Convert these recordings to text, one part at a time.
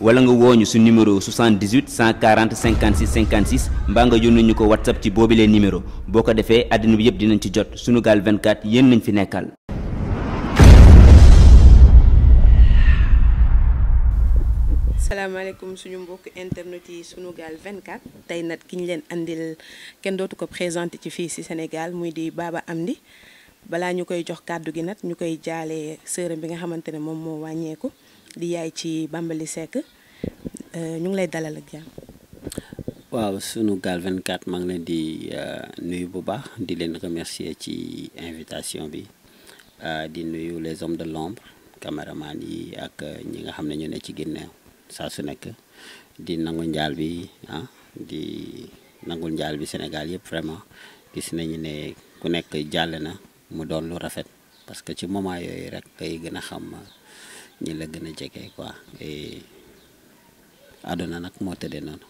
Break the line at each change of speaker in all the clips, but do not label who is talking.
wala nga wooñu su numéro 78 140 56 56 mbaa nga yónnee ñu ko whatsapp ci boobilee numéro boo ko defee àddina bi yëpp dinañ ci jot Sunugal 24 yéen nañ fi nekkal
salaamaaleykum suñu mbokk internet yi Sunugal 24 tey nag ki ñu leen indil kenn dootu ko présenté ci fii si senegal muy di Baba Amdy balaa ñu koy jox kàddu gi nag ñu koy jaalee sërëm bi nga xamante ne moom moo wàññeeku di yaay ci Bambaly Seck euh, ñu ngi lay dalal ak jàmm.
waaw Sunugal 24 ngi leen di euh, nuyu bu baax di leen remercier ci invitation bi euh, di nuyu les hommes de l'ombre caméraman yi ak ñi nga xam ne ñu ne ci ginnaaw saa su nekk di nangu njaal bi ah di nangul njaal bi Sénégal yëpp vraiment gis nañu ne ku nekk jàll na mu doon lu rafet parce que ci moment yooyu rek kay gën a xam. ñi la gën a jege quoi et àdduna nag moo tëddee noonu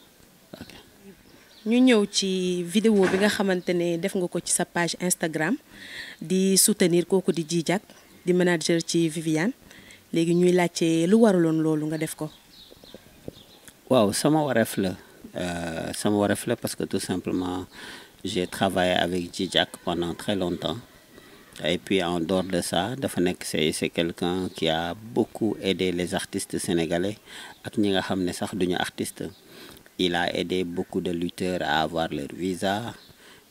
ñu ñëw ci vidéo bi nga xamante ne def nga ko ci sa page Instagram di soutenir kooku di Dji Diack di manager ci Viviane léegi ñuy laajte lu waraloon loolu nga def ko.
waaw sama wareef la euh, sama wareef la parce que tout simplement j'ai travaillé avec Dji Diack pendant très longtemps. et puis en dehors de ça dafa nekk c'est c'est quelqu'un qui a beaucoup aidé les artistes sénégalais ak ñi nga xam ne sax duñu artiste il a aidé beaucoup de lutteurs à avoir leur visa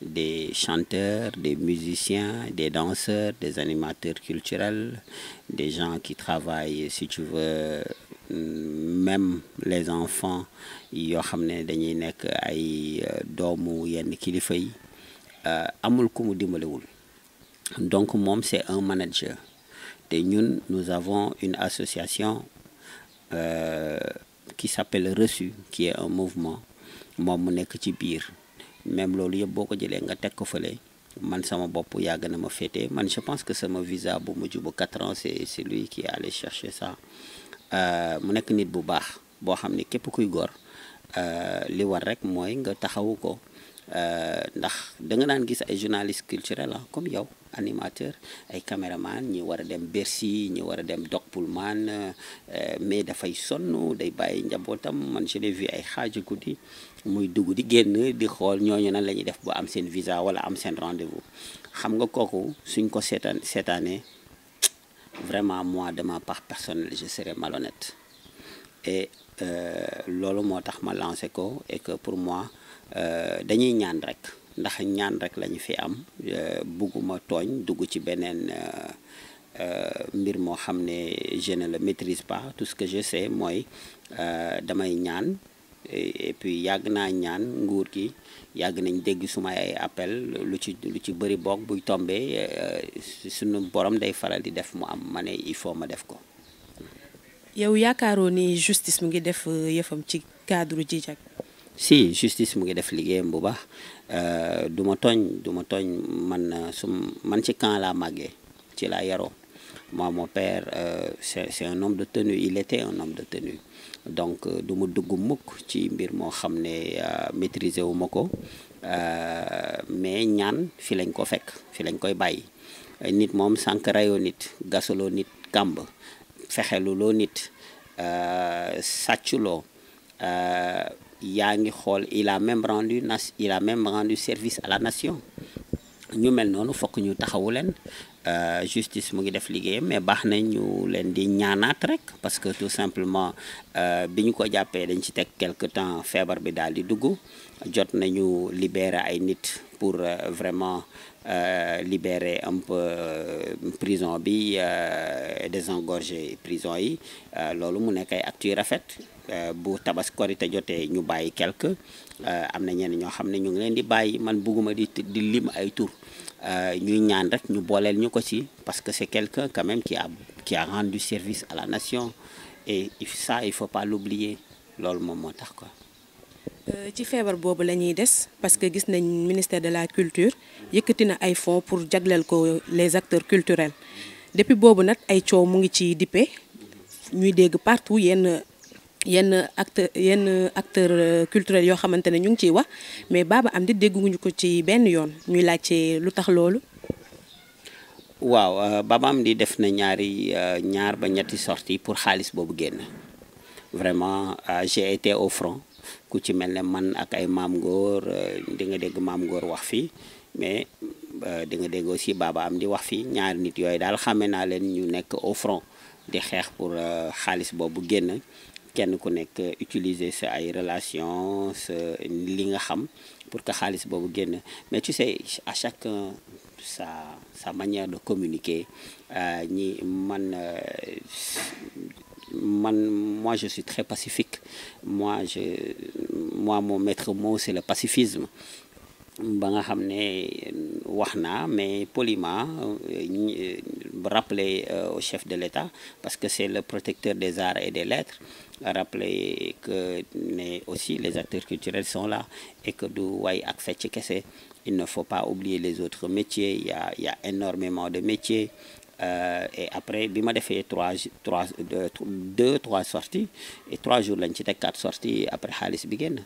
des chanteurs des musiciens des danseurs des animateurs culturels des gens qui travaillent si tu veux même les enfants yoo xam ne dañuy nekk ay euh, doomu yenn kilifa yi euh, amul ku mu dimbalewul donc moom c'est un manager te ñun nous avons une association euh, qui s'appelle Reçu qui est un mouvement moom mu nekk ci biir même loolu yëpp boo ko jëlee nga teg ko fële man sama bopp yàgg na ma féete man je pense que sama visa bu ma bu quatre ans c'est c'est lui qui est allé chercher ça euh, mu nekk nit bu baax boo xam ne képp kuy gor euh, li war rek mooy nga taxawu ko euh, ndax danga daan gis ay journalistes culturels la ah, comme yow animateur ay caméraman ñi war a dem Bercy ñi war a dem Dock Pullman euh, mais dafay sonn day bàyyi njabootam man je l'ai ay xaaju guddi muy dugg di génn di xool ñooñu nan la ñuy def ba am seen visa wala am seen rendez-vous xam nga kooku suñ ko seetaan seetaanee vraiment moi de ma part personnelle je serais malhonnête et euh, loolu moo tax ma lancé ko et que pour moi euh, dañuy ñaan rek. ndax ñaan rek lañu fi am euh, bugguma tooñ dugg ci beneen euh, euh, mbir moo xam ne je ne le maîtrise pas tout ce que je sais mooy damay ñaan et yàgg naa ñaan nguur gi yàgg nañ dégg suma ay appel lu ci lu ci bëri boog buy tombee suñu borom day faral di def mu am ma ne il faut ma def ko
yow yaakaaroo ni justice mu ngi def yëfam ci cadre ji
si justice mu ngi def liggéeyam bu baax euh, du ma tooñ du ma tooñ man euh, sum man ci kan laa màggee ci laa yaroo moi mon père euh, c'est c'est un homme de tenu il était un homme de tenue donc du ma dugg mukk ci mbir moo xam ne maîtriser wu ma ko mais ñaan fi lañ ko fekk fi lañ koy bàyyi nit moom sànq rayoo nit gasuloo nit kàmb fexeluloo nit sàcculoo yaa ngi xool il même rendu na il même rendu service à la nation ñu mel noonu fokk ñu taxawu leen euh, justice mu ngi def liggéey mais baax na ñu leen di ñaanaat rek parce que tout simplement Euh, bi ñu ko jàppee dañu ci teg quelque temps feebar bi daal di dugg jot nañu libérer ay nit pour euh, vraiment euh, libérer un peu prison bi désengorger prison yi loolu mu nekk ay actes yu rafet bu tabas korite jotee ñu bàyyi quelque am na ñenn ñoo xam ne ñu ngi leen di bàyyi man bugguma di di lim ay tur ñuy ñaan rek ñu booleel ñu ko ci parce que c'est quelqu'un quand même qui a qui a rendu service à la nation et ça il faut pas l'oublier loolu moom moo tax quoi.
Euh, ci feebar boobu la ñuy des parce que gis nañ ministère de la culture yëkkati na ay fonds pour jagleel ko les acteurs culturels depuis boobu nag ay coow mu ngi ci dippe ñuy dégg partout yenn yenn acteur yenn acteurs euh, culturels yoo xamante ne ñu ngi ciy wax mais Baba Amdy dégguñu ko ci benn yoon ñuy laajte lu tax loolu
waaw euh, Bamam di def na ñaari euh, ñaar ba ñetti sortie pour xaalis boobu génn vraiment euh, j'ai été au front ku ci mel ne man ak ay maam Ngor danga dégg maam Ngor wax fii mais di nga dégg aussi Baba am di wax fii ñaari nit yooyu daal xame naa leen ñu nekk au front di xeex pour xaalis boobu génn kenn ku nekk utiliser sa ay relations sa li nga xam pour que xaalis boobu génn mais tu sais à chaque sa sa manière de communiquer euh, ñi man euh, man moi je suis très pacifique moi je moi mon maître mot c'est le pacifisme ba nga xam ne wax naa mais poliment euh, rappeler au chef de l'État parce que c'est le protecteur des arts et des lettres rappeler que mais aussi les acteurs culturels sont là et que du way ak fecc kese Il ne faut pas oublier les autres métiers. Il a, il énormément de métiers. Euh, et après bi ma defee trois trois deux trois sorties et trois jours lañ ci teg quatre sorties après xaalis bi génn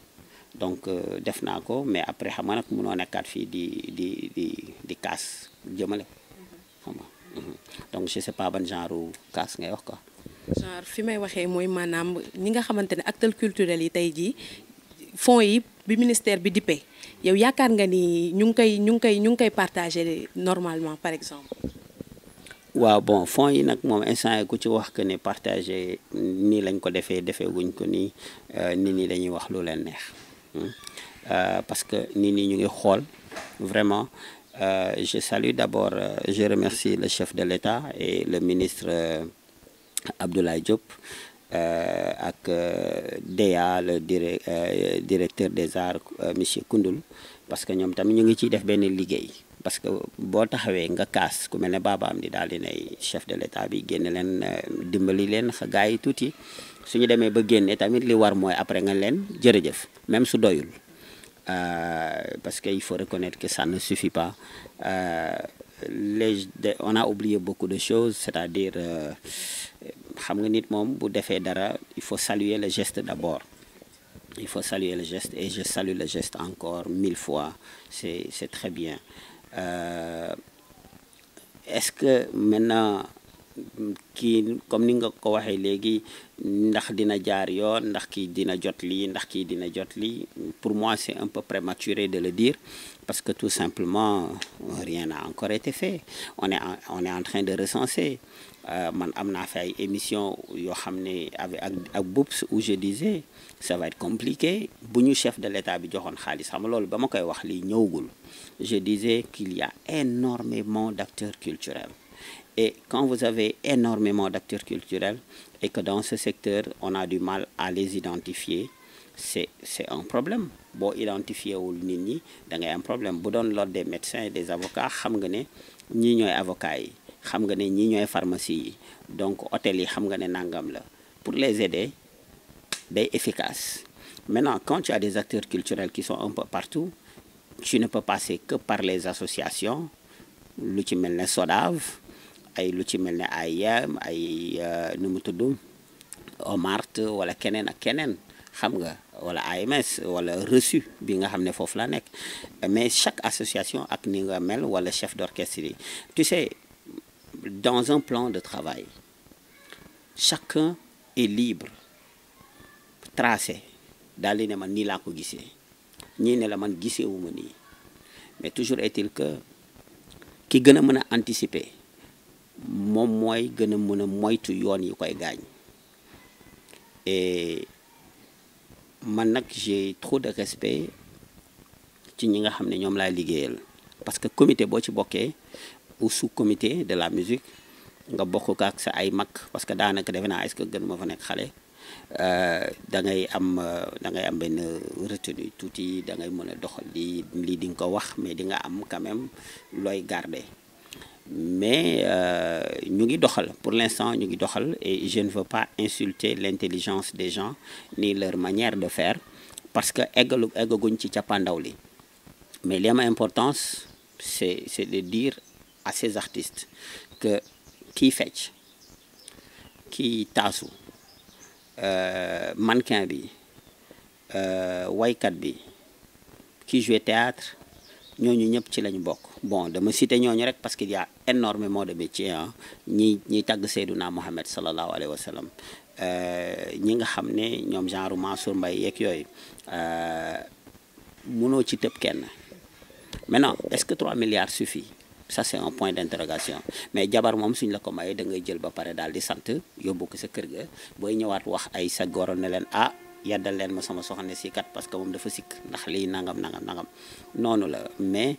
donc euh, def naa ko mais après xam nga nekkaat fii di di di di kaas jëmale xam nga mhm. donc je sais pas ban genre kaas ngay wax quoi.
genre fi may waxee mooy maanaam ñi nga xamante ne acteurs culturels yi tey jii fonds yi bi ministère bi dippee yow yaakaar nga ni ñu ngi koy ñu ngi koy ñu ngi koy partagé normalement par exemple.
waaw bon fonds yi nag moom instant yi ku ci wax que ni partagé nii lañ ko defee defee wuñ ko nii euh, nit ñi dañuy wax lu leen neex hmm. euh, parce que nit ñi ñu ngi xool vraiment. Euh, je salue d'abord, euh, je remercie le chef de l'État et le ministre euh, Abdoulaye Diop Euh, ak euh, DEA le euh, directeur des arts monsieur Koundoul parce que ñoom tamit ñu ngi ciy def benn liggéey parce que boo taxawee nga kaas ku mel ne baabaam di daal di nay chef de l'état bi génne leen dimbali leen gaa yi tuuti su ñu demee ba génne tamit li war mooy après nga leen jërëjëf même su doyul parce que il faut reconnaître que ça ne suffit pas les on a oublié beaucoup de choses c'est-à-dire xam nga nit moom bu defee dara il faut saluer le geste d'abord il faut saluer le gest et je salue le geste encore mille fois c'est c'est très bien euh, est-ce que maintenant kii comme ni nga ko waxee léegi ndax dina jaar yoon ndax kii dina jot lii ndax kii dina jot lii pour moi c'est un peu prématuré de le dire parce que tout simplement rien n'a encore été fait on est en, on est en train de recenser euh, man am naa fi ay émission yoo xam ne avec ak ak BOUPS où je disais ça va être compliqué bu ñu chef de l'État bi joxoon xaalis xam loolu ba ma koy wax lii ñëwagul je disais qu'il y a énormément d'acteurs culturels et quand vous avez énormément d'acteurs culturels et que dans ce secteur on a du mal à les identifier c'est c'est un problème boo identifié wul nit ñi da ngay am problème bu doon l'ordre des médecins des avocats xam nga ne ñii ñooy avocats yi xam nga ne ñii ñooy pharmacie yi donc hôtel yi xam nga ne nangam la pour les aider day efficace maintenant quand tu as des acteurs culturels qui sont un peu partout tu ne peux passer que par les associations lu ci mel ne SODAV ay lu ci mel ne yam ay euh, nu mu tudd OMART wala keneen ak keneen xam nga wala AMS wala reçu bi nga xam ne foofu laa nekk mais chaque association ak ni nga mel wala chef d'orchestre yi tu sais dans un plan de travail chacun est libre tracé daal di ne man nii laa ko gisee ñii ne la man gisee wu nii mais toujours et il que ki gën a mën a anticiper moom mooy gën a mën a moytu yoon yi koy gaañ man nag j'ai trop de respect ci ñi nga xam ne ñoom laay liggéeyal parce que comité boo ci bokkee ou sous comité de la musique nga bokk ak sa ay mag parce que daanaka defe naa est-ce que gën ma fa nekk xale euh, da ngay am euh, da ngay am benn retenue tuuti da ngay mën a doxal lii lii di nga ko wax mais di nga am quand même looy garde mais euh, ñu ngi doxal pour l'instant ñu ngi doxal e je ne veux pas insulter l'intelligence des gens ni leur manière de faire parce que eggalu eggaguñ ci cappaandaw li mais li am importance c'est c'est de dire à ces artistes que kii fecc kii taasu euh, mannequin bi euh, waykat bi kii jouer théâtre ñooñu ñëpp ci lañu bokk bon dama cité ñooñu rek parce que y a énormément de métiers ah ñi ñiy tàgg Seyduna Mohamed sallallahu alayhi wa sallam euh, ñi nga xam ne ñoom genre Mansour mbay yeeg yooyu euh, mënoo ci tëb kenn maintenant est-ce que 3 milliards suffit ça c'est un point d'interrogation mais jabar moom suñ la ko mayee da ngay jël ba pare daal di sant yóbbu ko sa kër ga booy ñëwaat wax ay sa goro leen ah yeddal leen ma sama soxna si kat parce que moom dafa sikk ndax lii nangam nangam nangam noonu la mais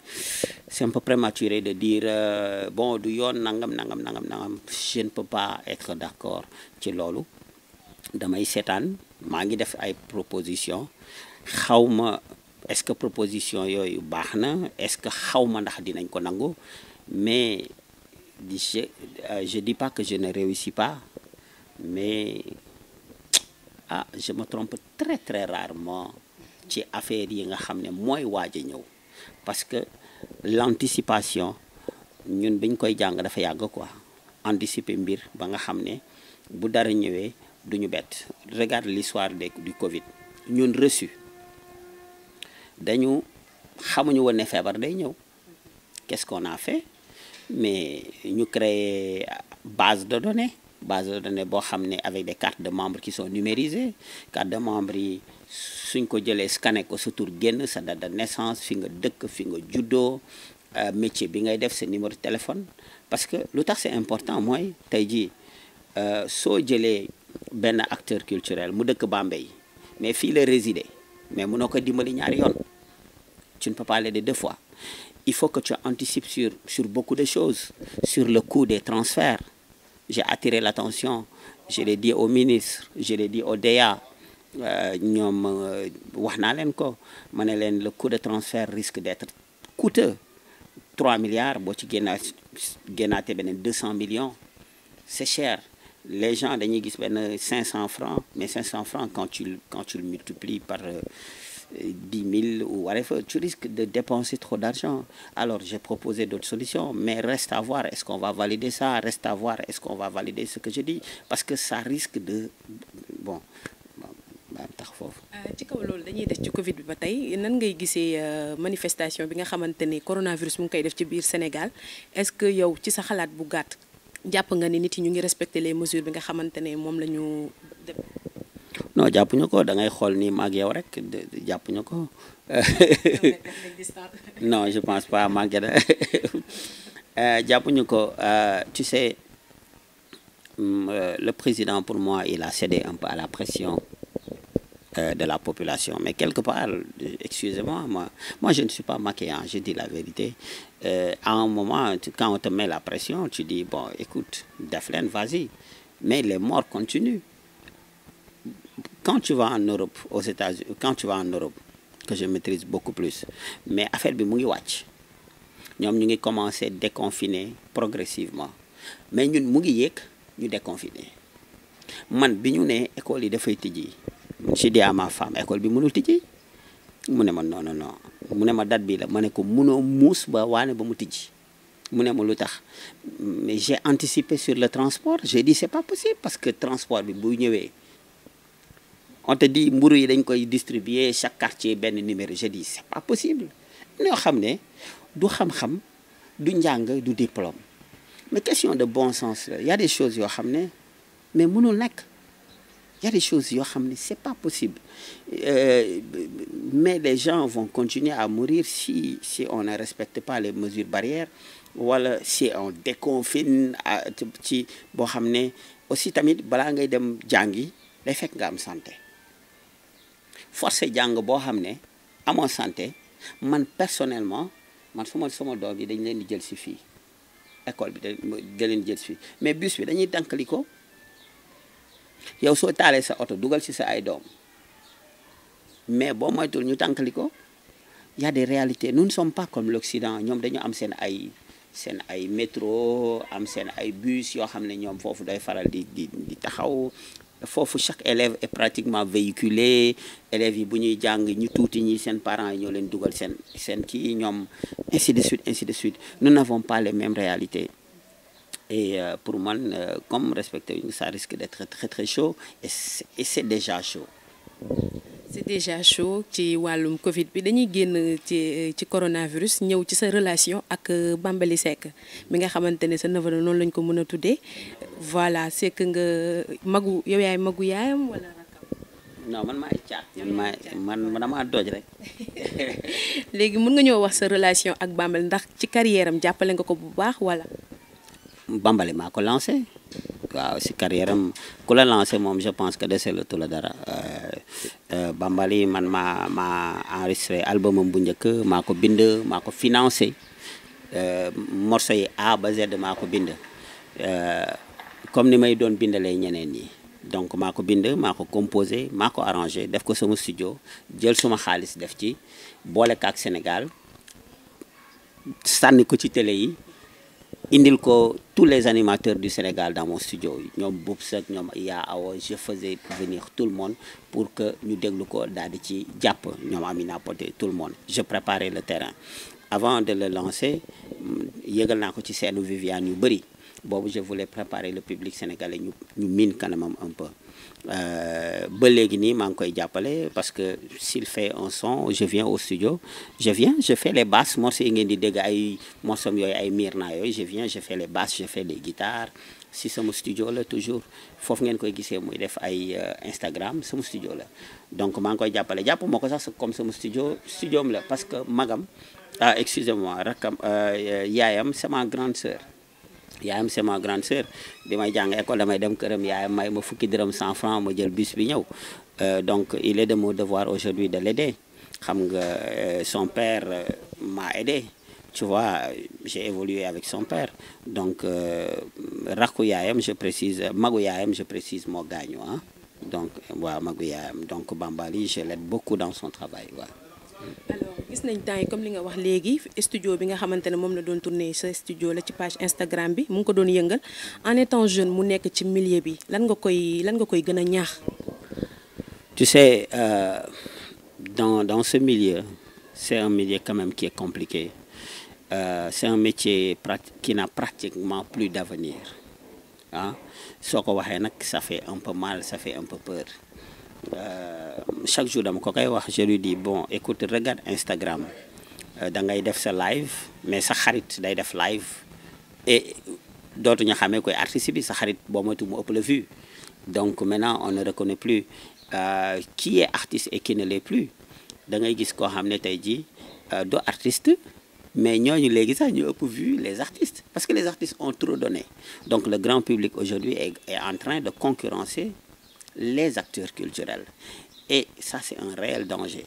c'est un peu prématuré de dire euh, bon du yoon nangam nangam nangam nangam je ne peux pas être d'accord ci loolu damay seetaan maa ngi def ay proposition xaw ma est-ce que proposition yooyu baax na est-ce que xaw ma ndax dinañ ko nangu mais je euh, je dis pas que je ne réussi pas mais ah je me trompe très très rarement ci affaire yi nga xam ne mooy waaj a ñëw parce que l'anticipation ñun biñ koy jàng dafa yàgg quoi anticiper mbir ba nga xam ne bu dara ñëwee du ñu bett regarde l'histoire de du Covid ñun resu dañu xamuñu woon ne feebar day ñëw qu'est-ce qu'on a mais ñu créer base de données base de données boo xam ne avec des cartes de membres qui sont numérisées carte de membres yi suñ ko jëlee scanné ko sa génn sa date de naissance fi nga dëkk fi nga juddoo euh, métier bi ngay def see numéro téléphone parce que lu tax c'est important mooy tey jii euh, soo jëlee benn acteur culturel mu dëkk Bambey mais fii la résider mais munoo ko dimbali ñaari yoon tu ne peux pas l'aider deux fois il faut que tu anticipes sur sur beaucoup de choses sur le coût des transferts j'ai attiré l'attention je l'ai dit au ministre je l'ai dit au DEA euh, ñoom euh, wax naa leen ko ma ne leen le coût de transfert risque d'être coûteux 3 milliards boo ci génnaa génnaate beneen 200 millions c'est cher les gens dañuy gis benn 500 francs mais 500 francs quand tu quand tu le multiplies par euh, 10 000 ou whatever, tu risques de dépenser trop d'argent. Alors j'ai proposé d'autres solutions, mais reste à voir, est-ce qu'on va valider ça Reste à voir, est-ce qu'on va valider ce que je dis Parce que ça risque de... Bon, tax foofu. Euh, ci kaw
loolu dañuy des ci Covid bi ba tey nan ngay gisee euh, manifestation bi nga xamante ni coronavirus mu ngi koy def ci biir Sénégal est-ce que yow ci sa xalaat bu gàtt jàpp nga ni nit yi ñu ngi respecter les mesures bi nga xamante moom la
non jàppuñu ko da ngay xool ni maag yow rek jàppuñu ko non je pense pas Maguette euh, jàppuñu ko euh, tu sais mm, euh, le président pour moi il a cédé un peu à la pression de la population. Mais quelque part, excusez-moi, moi, moi je ne suis pas maquillant, je dis la vérité. Euh, à quand on te met la pression, tu dis, écoute, Deflen, vas-y. Mais les morts continuent. quand tu vas en Europe aux États-Unis quand tu vas en Europe que je maîtrise beaucoup plus mais affaire bi mu ngi wàcc ñoom ñu ngi commencé déconfiner progressivement mais ñun mu ngi yéeg ñu déconfiner man bi ñu ne école yi dafay tijji si di à ma femme école bi mënul tijji mu ne ma non no non mu ne ma date bi la ma ne ko mënoo muus ba waane ba mu tijji mu ne ma lu tax mais j'ai anticipé sur le transport j'ai dit c'est pas possible parce que transport bi bu ñëwee on te dit mburu yi dañ koy distribuer chaque quartier benn numéro je di c'est pas possible ñoo xam ne du xam-xam du njàng du diplôme mais question de bon sens la y a yoo xam ne mais mënul nag y a des yoo xam ne c'est pas possible euh, mais les gens vont continuer à mourir si si on ne respecte pas les mesures barrières wala si on déconfine ci boo xam ne aussi tamit balaa ngay dem jàngi day fekk nga am santé forcé jàng boo xam ne amoo santé man personnellement man suma suma doom yi dañ leen di jël si fii école bi da leen jël si mais bus bi dañuy dànkali ko yow soo taalee sa oto dugal si sa ay doom mais boo moytul ñu tànkali ko y a des réalités nous ne sommes pas comme l'Occident ñoom dañu am seen ay seen ay métro am seen ay bus yoo xam ne ñoom foofu day faral di di di taxaw foofu chaque élève est pratiquement véhiculé élèves yi bu ñuy jàng ñu tuuti ñi seen parents yi ñoo leen dugal seen seen kii ñoom ainsi de suite ainsi de suite nous n'avons pas les mêmes réalités et euh, pour man euh, comme respecté ça risque d'être très très chaud et c'est déjà chaud
c'est déjà chaud ci wàllum Covid bi dañuy génn ci ci coronavirus ñëw ci sa relation ak euh, Bambaly Seck mi nga xamante ne sa neveu noonu lañ ko mën a tuddee voilà Seck nga magu yow yaay magu yaayam walla rakam.
non man maay caat man man damaa doj rek.
léegi mën nga ñëw wax sa relation ak Bambaly ndax ci carrière jàppale nga ko bu baax wala.
Bambali maa ko lancé waaw si carrière ku la lancé moom je pense que deseelatu la dara euh, euh, Bambali man maa maa enregistré album am bu njëkk maa ko bind maako ko financé euh, morceau yi A ba Z ko bind comme ni may doon bindalee ñeneen yi donc maa ko bind maako ko composé maa arrangé def ko sama studio jël suma xaalis def ci boole ko ak Sénégal sànni ko ci télé yi. indil ko tous les animateurs du Sénégal dans mon studio ñoom Boubs ak ñoom Yaa Awa je faisais venir tout le monde pour que ñu déglu ko daal di ci jàpp ñoom Amina Poté tout le monde je préparais le terrain avant de le lancer mm, yëgal naa ko ci seenu Viviane yu bëri boobu je voulais préparer le public sénégalais ñu ñu kanamam un peu euh, ba léegi nii maa ngi koy jàppale parce que s'il fait un son je viens au studio je viens je fais les basses morceaux ye ngeen di dégg ay morceaux yooyu ay miir yooy yooyu je viens je fais les basses je fais les guitares si sama studio la toujours foofu ngeen koy gisee muy def ay euh, Instagram sama studio la donc maa ngi koy jàppale jàpp ma ko sax que magam ah excusez-moi rakkam euh, yaayam c'est ma grande sœur yaayam c'est ma grande sœur bi may jàng école damay dem këram yaayam may ma fukki dërëm cent franc ma jël bus bi ñëw euh, donc il est de mon devoir aujourd'hui de l'aider xam nga euh, son père m'a aidé tu vois j'ai évolué avec son père donc rakku yaayam je précise magu yaayam je précise moo gaañu ah donc waaw magu yaayam donc Bambali je l'aide beaucoup dans son travail waaw
gis nañ temps comme li nga wax léegi studio bi nga xamante ne moom la doon tourné sa studio la ci page Instagram bi mu ngi ko doon yëngal en étant jeune mu nekk ci milieu bi lan nga koy lan koy gën a ñaax.
tu sais euh, dans dans ce milieu c'est un milieu quand même est compliqué euh, c'est un métier qui n'a pratiquement plus d'avenir ah soo ko waxee nag ça fait un peu mal ça fait un peur. Euh, chaque jour dama ko koy wax je lui dis bon écoute regarde Instagram euh, da ngay def sa live mais sa xarit day def live et dootuñu xamee koy artiste bi sa xarit boo moytu mu ëpp la vue donc maintenant on ne reconnaît plus euh, qui est artiste et qui ne l'est plus da ngay gis koo xam ne tey jii euh, do artiste mais ñooñu léegi sax ñu ëpp vu les artistes parce que les artistes ont trop donné donc le grand public aujourd'hui est en train de concurrencer les acteurs culturels. Et ça, c'est un réel danger.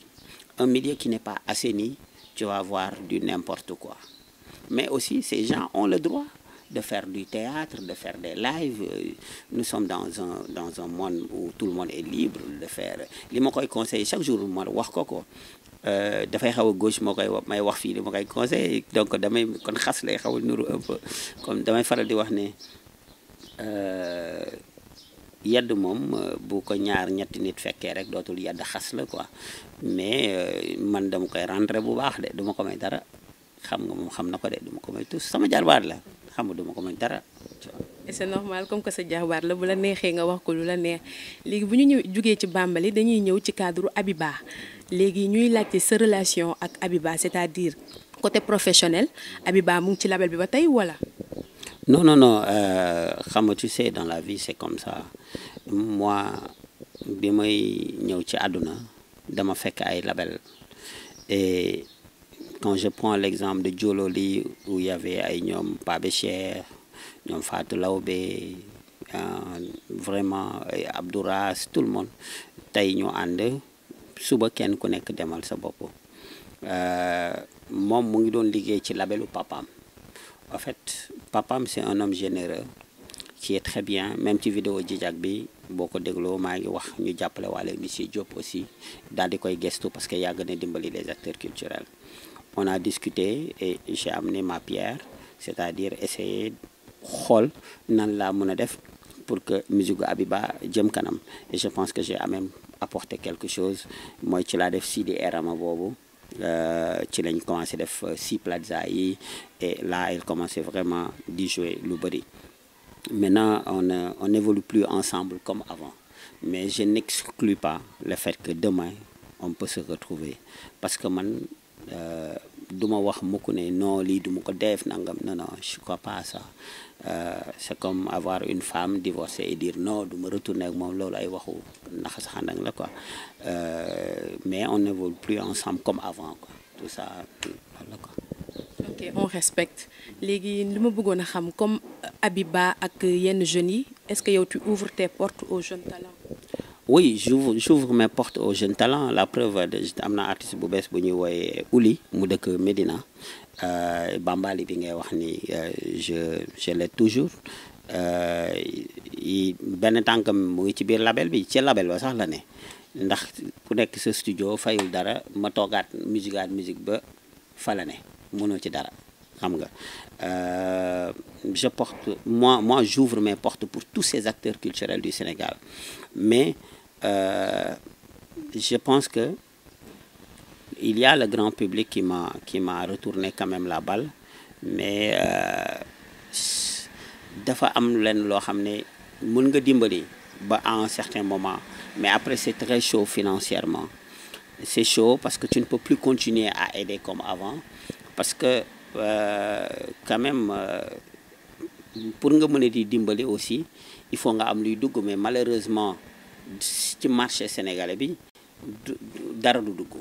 Un milieu qui n'est pas assaini, tu vas voir du n'importe quoi. Mais aussi, ces gens ont le droit de faire du théâtre, de faire des lives. Nous sommes dans un, dans monde où tout le monde est libre de faire. Li ma koy conseillé chaque jour ma wax ko ko euh, dafay xaw a gauche moo koy may wax fii li ma koy conseillé donc damay kon xas lay xaw a nuru un peu comme di wax ne euh, yedd moom euh, bu ko ñaar ñetti nit fekkee rek dootul yedd xas la quoi mais euh, man dama koy rendre bu baax de duma ko may dara xam nga moom xam na ko de duma ko may tous sama jarbaat la xam nga duma ko may dara.
et c'est comme que sa jarbaat la bu la neexee nga wax ko lu la neex léegi bu ñu ñëw jugee ci bàmbali dañuy ñëw ci cadre Abiba léegi ñuy laajte sa relation ak Abiba c'est-à-dire côté professionnel Abiba mu ngi ci label bi ba tey wala.
Non, non, non. Euh, xam nga tu sais dans la vie c'est comme ça moi bi may ñëw ci àdduna dama fekk ay label et quand je prends l'exemple de Jololi où il y ay ñoom Pape Cheikh ñoom Fatou Laobé euh, vraiment Abdouras tout le monde tey ñu ànd suba kenn ku nekk demal sa bopp euh, moom mu ngi doon liggéey ci labelu papaam en fait papam c'est un homme généreux qui est très bien même ci vidéo jijak bi boo ko dégloo maa ngi wax ñu jàppale waale monsieur Diop aussi daal di koy gestu parce que yàgg na dimbali les acteurs culturels on a discuté et j'ai amené ma pierre c'est-à-dire essayer xool nan laa mën a def pour que musique Abiba jëm kanam et pense que j'ai même apporté quelque chose mooy ci laa def si di erama boobu Euh, ci lañ commencé def euh, si plaza yi et là elle commençait vraiment di jouer lu bëri maintenant on euh, on évolue plus ensemble comme avant mais je n'exclus pas le fait que demain on peut se retrouver parce que man. duma wax mukk ne no lii du ma ko def nangam non non je crois pas ça euh, c'est comme avoir une femme divorcée et dire non du ma retourner ak moom loolu ay waxu naxas xandang la quoi euh, mais on n'évolue plus ensemble comme avant ko tout ça loolu la quoi.
ok on respecte léegi li ma bëggoon a xam comme Abiba ak yenn jeunes yi est-ce que yow tu ouvres tes portes aux jeunes talents.
oui j'ouvre j'ouvre mes portes aux jeunes talents la preuve am na artiste bu bees bu ñuy wooyee Uli mu dëkk Médina euh, Bambali bi ngay wax ni euh, je je l'ai toujours euh, benn tànkam mu ci biir label bi ci label ba sax la ne ndax ku nekk sa studio fayul dara ma toogaat musigaat musique ba fa la ne mënoo ci dara xam nga je porte moi moi j'ouvre mes porte pour tous ces acteurs culturels du Sénégal mais euh, je pense que il y a le grand public qui m'a qui quand même la balle mais euh, dafa am leen loo xam ne mun nga dimbali ba à un certain moment mais après c'est très chaud financièrement c'est chaud parce que tu ne peux plus continuer à aider comme avant parce que euh, quand même euh, pour nga mën di dimbali aussi il faut nga am luy dugg mais malheureusement ci marché sénégalais bi dara du dugg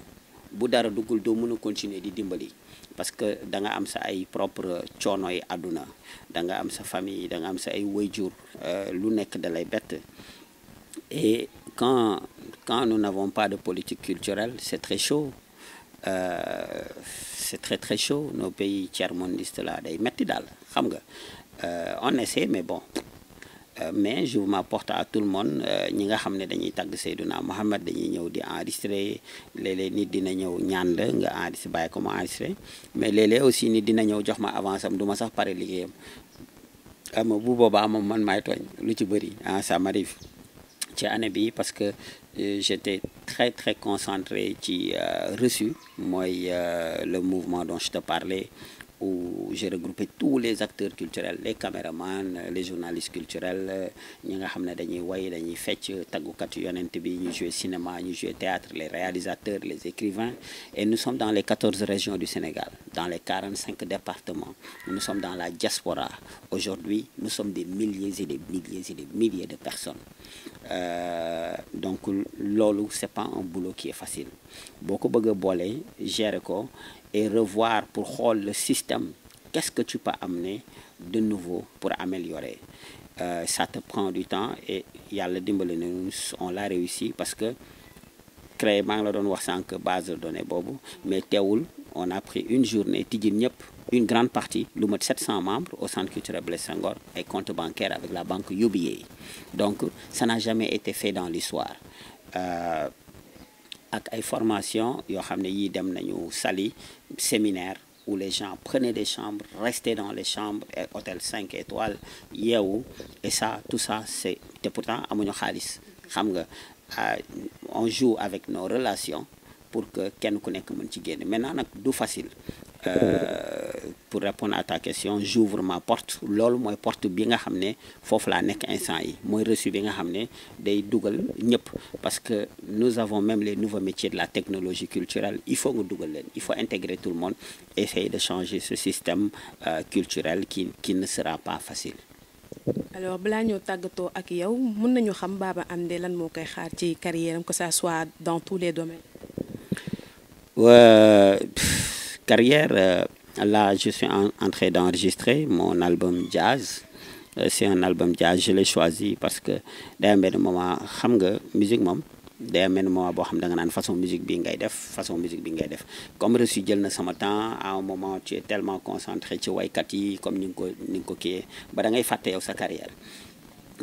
bu dara duggul doo mën a continuer di dimbali parce que danga am sa ay propre coono àdduna da nga am sa famille da nga am sa ay wayjur euh, lu nekk da bett et quand quand nous n'avons pas de politique culturelle c'est très chaud euh, c'est très très day metti daal xam nga euh, on essaie mais bon Euh, mais je vous porte à tout le monde euh, ñi nga xam ne dañuy tagg Seydouna Mohamed dañuy ñëw di enregistré léeg-léeg nit dina ñëw ñaan la nga enregistré bàyyi ko mu mais léeg aussi nit dina ñëw jox ma avance duma sax pare liggéeyam xam ah, bu boobaa moom man maay tooñ lu ci bëri ah ça m'arrive ci année bi parce que euh, j'étais très très concentre ci reçu mooy le mouvement dont je te parlais où j'ai regroupé tous les acteurs culturels les caméramans les journalistes culturels euh, ñi nga xam ne dañuy way dañuy fecc taggukatu yonent bi ñu joué cinéma ñu joué théâtre les réalisateurs les écrivains et nous sommes dans les 14 régions du Sénégal dans les 45 départements nous sommes dans la diaspora aujourd'hui nous sommes des milliers et des milliers et des milliers de personnes euh, donc loolu c'est pas un boulot qui est facile boo ko bëgg boole gérer ko et revoir pour xool le système qu'est-ce que tu peux amener de nouveau pour améliorer euh, ça te prend du temps et yàlla dimbali na on l'a réussi parce que créé maa ngi la doon wax sànq base de données boobu mais teewul on a pris une journée tijjin ñëpp une grande partie lu mat 700 membres au centre culturel Blaise Senghor et compte bancaire avec la banque UBA donc ça n'a jamais été fait dans l'histoire euh, ak ay formation yoo xam ne yii dem nañu sali séminaire ou les gens prenaient des chambres restaient dans les chambres et hôtel 5 étoiles yeewu et ça tout ça c'est te pourtant amuñu xaalis xam nga euh, on jour avec nos relations pour que kenn ku nekk mën ci génn maintenant nag du facile Euh, pour répondre à ta question j'ouvre ma porte loolu mooy porte bi nga xam ne foofu laa nekk instant yi mooy reçu bi nga xam ne day dugal ñëpp parce que nous avons même les nouveaux métiers de la technologie culturelle il faut nga dugal leen il faut intégrer tout le monde essayer de changer ce système euh, culturel qui qui ne sera pas facile
alors balaa ñoo tàggatoo ak yow mën nañu xam Baba Hamdé lan moo koy xaar ci carrière am que ça soit dans tous les domaines
carrière, euh, là, je suis en, en train d'enregistrer mon album jazz. Euh, c'est un album jazz, je l'ai choisi parce que day benn moment xam nga musique moom day benn moment boo xam da nga naan façon musique bi ngay def façon musique bi ngay def comme reçu jël na sama temps à un moment tu es tellement concentré ci waykat yi comme ni nga ko ni nga ko kiyee ba dangay ngay fàtte yow sa carrière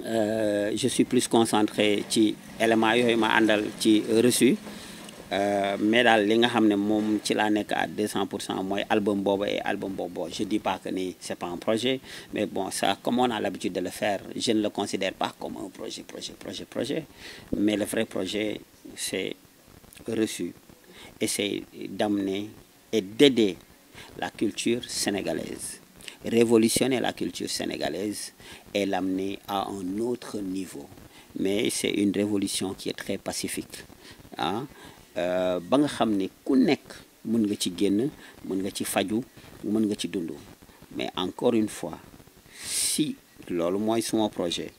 euh, je suis plus concentré ci élément yooyu ma àndal ci reçu Euh, mais daal li nga xam ne moom ci laa nekk à 200 pour cent mooy album boobu et album boobu bon je dis pas que ni c'est pas un projet mais bon ça comme on a l'habitude de le faire je ne le considère pas comme un projet projet projet projet mais le vrai projet c'est reçu et c'est d'amener et d'aider la culture sénégalaise révolutionner la culture sénégalaise et l'amener à un autre niveau mais c'est une révolution qui est très pacifique Euh, ba nga xam ni ku nekk mën nga ci génn mën nga ci faju mën nga ci dund mais encore une fois si loolu mooy suma projet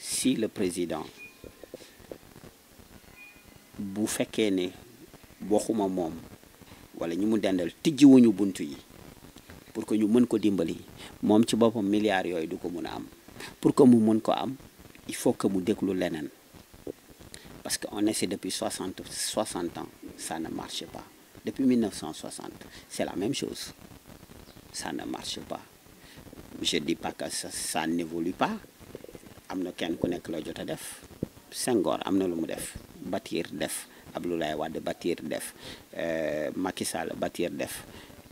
si le président bu fekkee ne bokkuma moom wala ñu mu dendal tijjiwuñu bunt yi pour que ñu mën ko dimbali moom ci boppam milliards yooyu du ko mun a am pour que mu mën ko am il faut que mu déglu leneen parce que qu'on essaie depuis 60, 60 ans, ça ne marche pas. Depuis 1960, c'est la même chose. Ça ne marche pas. Je ne dis pas que ça, n'évolue pas. am na kenn ku nekk la jot a def Senghor am na lu mu def Batir def Abdoulaye Wade Batir def euh, Macky Sall Batir def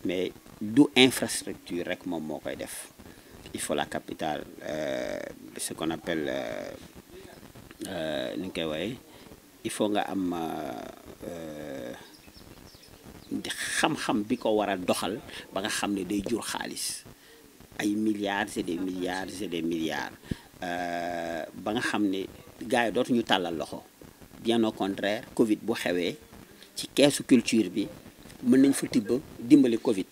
mais du infrastructure rek moom moo koy def il faut la capital euh, ce qu'on appelle euh, nu ñu koy wooye il faut nga am euh, euh, xam-xam bi ko war a doxal ba nga xam ne day jur xaalis ay milliards c'est des milliards c'est des milliards euh, ba nga xam ne gars yi dootuñu tàllal loxo bien au contraire Covid bu xewee ci keesu culture bi mën nañ fa tibb dimbali Covid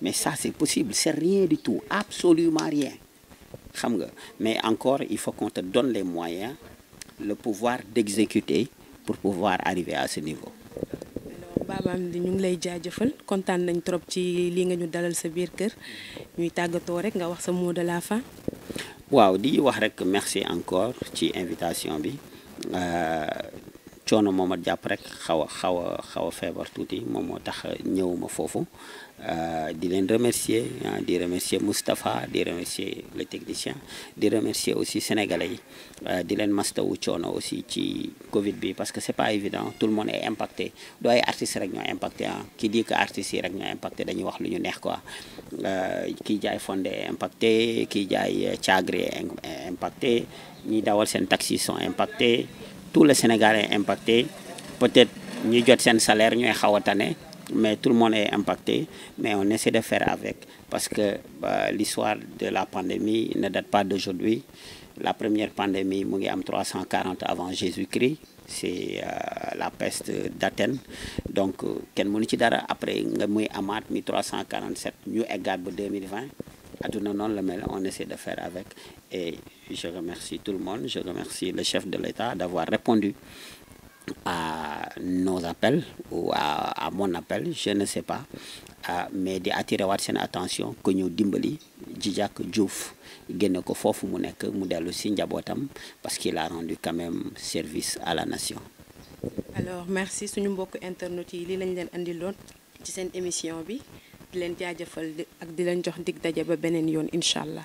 mais ça c'est possible c'est rien du tout absolument rien xam nga mais encore il faut qu'on te donne les moyens le pouvoir d'exécuter pour pouvoir arriver à ce niveau.
Baba Amdy ñu ngi lay jëfal kontaan nañ trop ci lii nga ñu dalal sa biir kër ñuy tàggatoo rek nga wax sa mot de la fin.
waaw di wax rek merci encore ci invitation bi. Euh, coono moom a jàpp rek xaw a xaw a xaw a feebar tuuti moom moo tax ñëwuma foofu euh, di leen remercier ah, di remercier Moustapha di remercier le technicien di remercier aussi sénégalais yi euh, di leen wu coono aussi ci Covid bi parce que c'est pas évident tout le monde est impacté doo ay artistes rek ñoo impacté ki ah. di que artistes yi rek ñoo impacté dañuy wax lu ñu neex quoi euh, kii jaay fonde est impacté kii jaay caagri est impacté ñi dawal seen taxi sont impactés. tout le Sénégal est impacté peut-être ñi jot seen salaire ñooy xaw a mais tout le monde est impacté mais on essaie de faire avec parce que bah, l'histoire de la pandémie ne date pas d'aujourd'hui la première pandémie mu ngi am 340 avant Jésus-Christ c'est euh, la peste d'Athènes donc kenn mënu ci dara après nga muy amaat mi 347 ñu eggaat ba 2020 adduna noonu la mel on essaie de faire avec et je remercie tout le monde, je remercie le chef de l'État d'avoir répondu à nos appels ou à, mon appel, je ne sais pas, mais di attirer waat seen attention que ñu dimbali Djidjack Diouf génne ko foofu mu nekk mu dellu si njabootam parce qu'il a rendu quand même service à la nation.
alors merci suñu mbokk internet yi li lañ leen andiloon ci seen émission bi di leen jaajëfal ak di leen jox dig daje ba beneen yoon incha allah.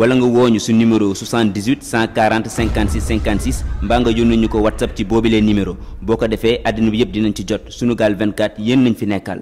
wala nga wooñu su numéro 78 140 56 56 mbaa nga yónni ñu ko whatsapp ci boobilee numéro boo ko defee àddina bi yëpp dinañ ci jot Sunugal 24 yéen nañ fi nekkal